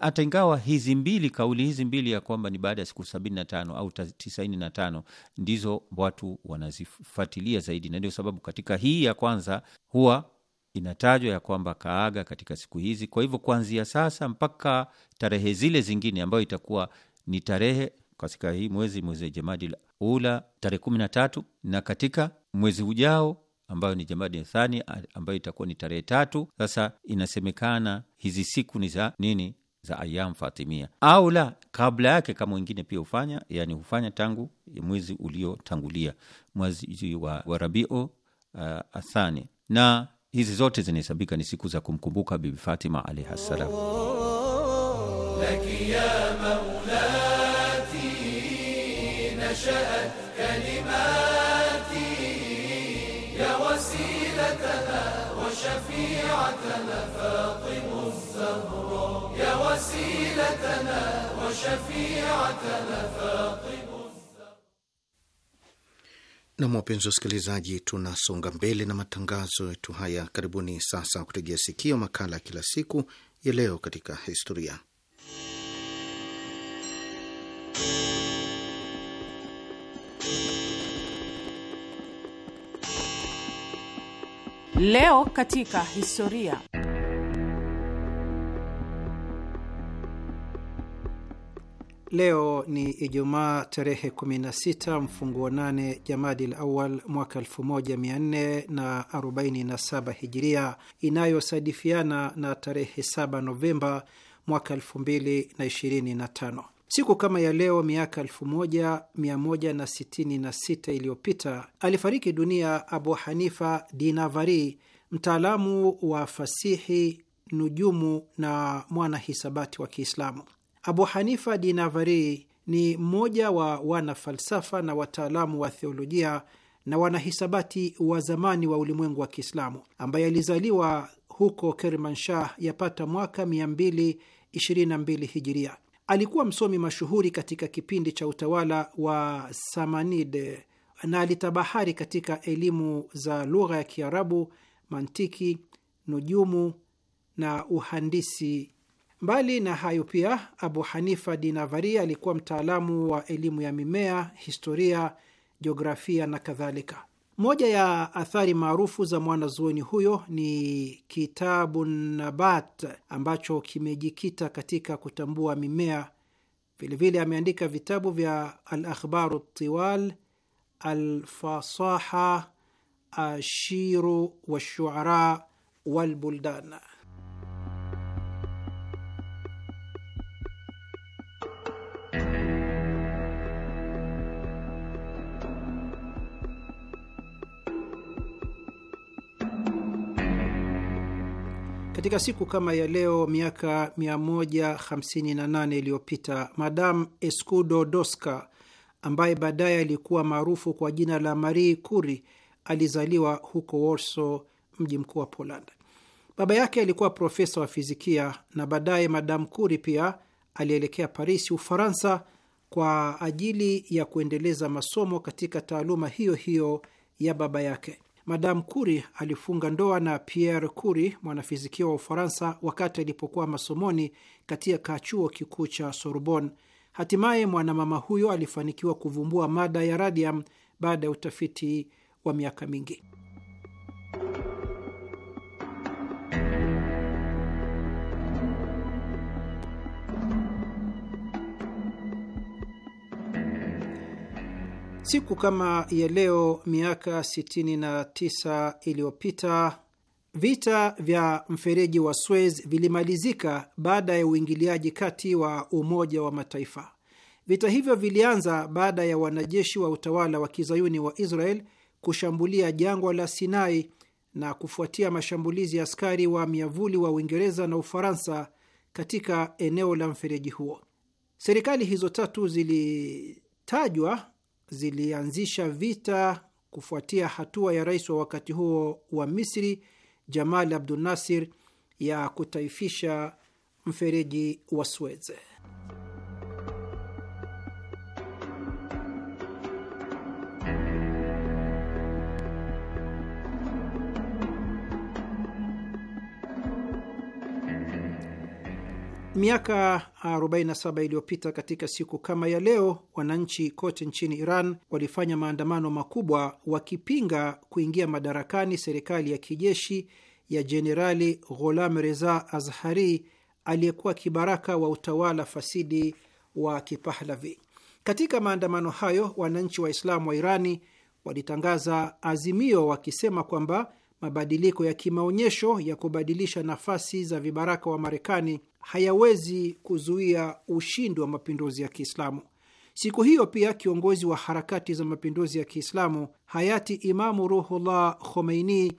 hata ingawa hizi mbili kauli hizi mbili ya kwamba ni baada ya siku sabini na tano au tisaini na tano ndizo watu wanazifuatilia zaidi, na ndio sababu katika hii ya kwanza huwa inatajwa ya kwamba kaaga katika siku hizi. Kwa hivyo kuanzia sasa mpaka tarehe zile zingine ambayo itakuwa ni tarehe katika hii mwezi mwezi Jamadi la ula tarehe kumi na tatu na katika mwezi ujao ambayo ni Jamadi Thani ambayo itakuwa ni tarehe tatu. Sasa inasemekana hizi siku ni za nini? za ayam fatimia au la kabla yake, kama wengine pia hufanya, yani hufanya tangu mwezi uliotangulia mwezi wa, wa Rabiu uh, athani. Na hizi zote zinahesabika ni siku za kumkumbuka Bibi Fatima alaihi ssalam. Nam, wapenzi wasikilizaji, tunasonga mbele na matangazo yetu haya. Karibuni sasa kutegea sikio makala ya kila siku ya leo katika historia. Leo katika historia Leo ni Ijumaa tarehe 16 mfunguo 8 Jamadil Awal mwaka 1447 Hijiria, inayosadifiana na tarehe 7 Novemba mwaka 2025. Siku kama ya leo miaka 1166 iliyopita alifariki dunia Abu Hanifa Dinavari, mtaalamu wa fasihi, nujumu na mwanahisabati wa Kiislamu. Abu Hanifa Dinavari ni mmoja wa wanafalsafa na wataalamu wa theolojia na wanahisabati wa zamani wa ulimwengu wa Kiislamu ambaye alizaliwa huko Kermanshah yapata mwaka 222 hijiria. Alikuwa msomi mashuhuri katika kipindi cha utawala wa Samanid na alitabahari katika elimu za lugha ya Kiarabu, mantiki, nujumu na uhandisi Mbali na hayo pia, Abu Hanifa Dinavari alikuwa mtaalamu wa elimu ya mimea, historia, jiografia na kadhalika. Moja ya athari maarufu za mwanazuoni huyo ni kitabu Nabat ambacho kimejikita katika kutambua mimea. Vilevile ameandika vitabu vya Alakhbaru Tiwal, Alfasaha, Ashiru washuara, Walbuldan. Katika siku kama ya leo miaka 158 iliyopita, Madam Escudo Doska ambaye baadaye alikuwa maarufu kwa jina la Marie Curie alizaliwa huko Warsaw, mji mkuu wa Poland. Baba yake alikuwa profesa wa fizikia na baadaye Madam Curie pia alielekea Paris, Ufaransa, kwa ajili ya kuendeleza masomo katika taaluma hiyo hiyo ya baba yake. Madam Curie alifunga ndoa na Pierre Curie, mwanafizikia wa Ufaransa, wakati alipokuwa masomoni katika chuo kikuu cha Sorbonne. Hatimaye mwanamama huyo alifanikiwa kuvumbua mada ya radium baada ya utafiti wa miaka mingi. Siku kama ya leo miaka 69 iliyopita vita vya mfereji wa Suez vilimalizika baada ya uingiliaji kati wa Umoja wa Mataifa. Vita hivyo vilianza baada ya wanajeshi wa utawala wa kizayuni wa Israel kushambulia jangwa la Sinai na kufuatia mashambulizi ya askari wa miavuli wa Uingereza na Ufaransa katika eneo la mfereji huo. Serikali hizo tatu zilitajwa zilianzisha vita kufuatia hatua ya rais wa wakati huo wa Misri Jamal Abdunasir Nasir ya kutaifisha mfereji wa Suez. Miaka 47 iliyopita katika siku kama ya leo, wananchi kote nchini Iran walifanya maandamano makubwa wakipinga kuingia madarakani serikali ya kijeshi ya Jenerali Gholam Reza Azhari aliyekuwa kibaraka wa utawala fasidi wa Kipahlavi. Katika maandamano hayo, wananchi Waislamu wa Irani walitangaza azimio wakisema kwamba mabadiliko ya kimaonyesho ya kubadilisha nafasi za vibaraka wa Marekani hayawezi kuzuia ushindi wa mapinduzi ya Kiislamu. Siku hiyo pia kiongozi wa harakati za mapinduzi ya Kiislamu hayati Imamu Ruhullah Khomeini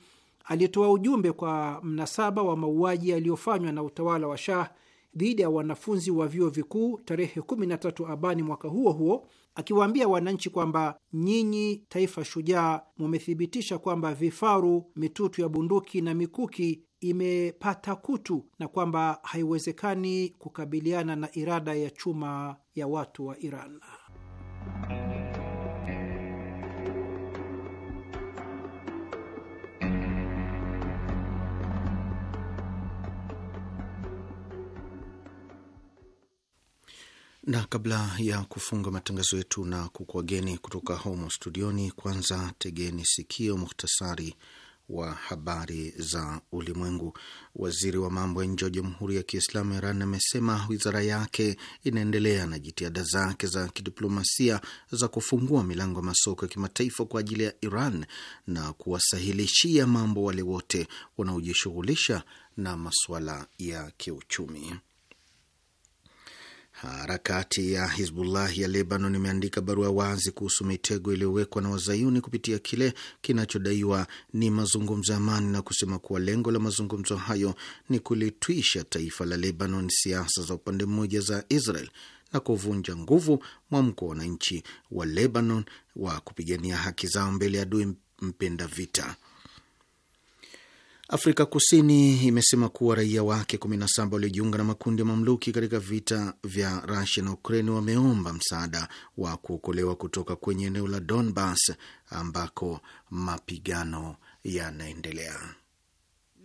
alitoa ujumbe kwa mnasaba wa mauaji yaliyofanywa na utawala wa Shah dhidi ya wanafunzi wa vyuo vikuu tarehe 13 Abani mwaka huo huo, akiwaambia wananchi kwamba nyinyi, taifa shujaa, mumethibitisha kwamba vifaru, mitutu ya bunduki na mikuki imepata kutu na kwamba haiwezekani kukabiliana na irada ya chuma ya watu wa Iran. na kabla ya kufunga matangazo yetu na kukwageni kutoka homo studioni, kwanza tegeni sikio muhtasari wa habari za ulimwengu. Waziri wa mambo ya nje wa Jamhuri ya Kiislamu ya Iran amesema wizara yake inaendelea na jitihada zake za kidiplomasia za kufungua milango ya masoko ya kimataifa kwa ajili ya Iran na kuwasahilishia mambo wale wote wanaojishughulisha na masuala ya kiuchumi. Harakati ya Hizbullah ya Lebanon imeandika barua wazi kuhusu mitego iliyowekwa na wazayuni kupitia kile kinachodaiwa ni mazungumzo ya amani na kusema kuwa lengo la mazungumzo hayo ni kulitwisha taifa la Lebanon siasa za upande mmoja za Israel na kuvunja nguvu mwamko wa wananchi wa Lebanon wa kupigania haki zao mbele ya adui mpenda vita. Afrika Kusini imesema kuwa raia wake 17 waliojiunga na makundi ya mamluki katika vita vya Rusia na Ukraini wameomba msaada wa kuokolewa kutoka kwenye eneo la Donbas ambako mapigano yanaendelea.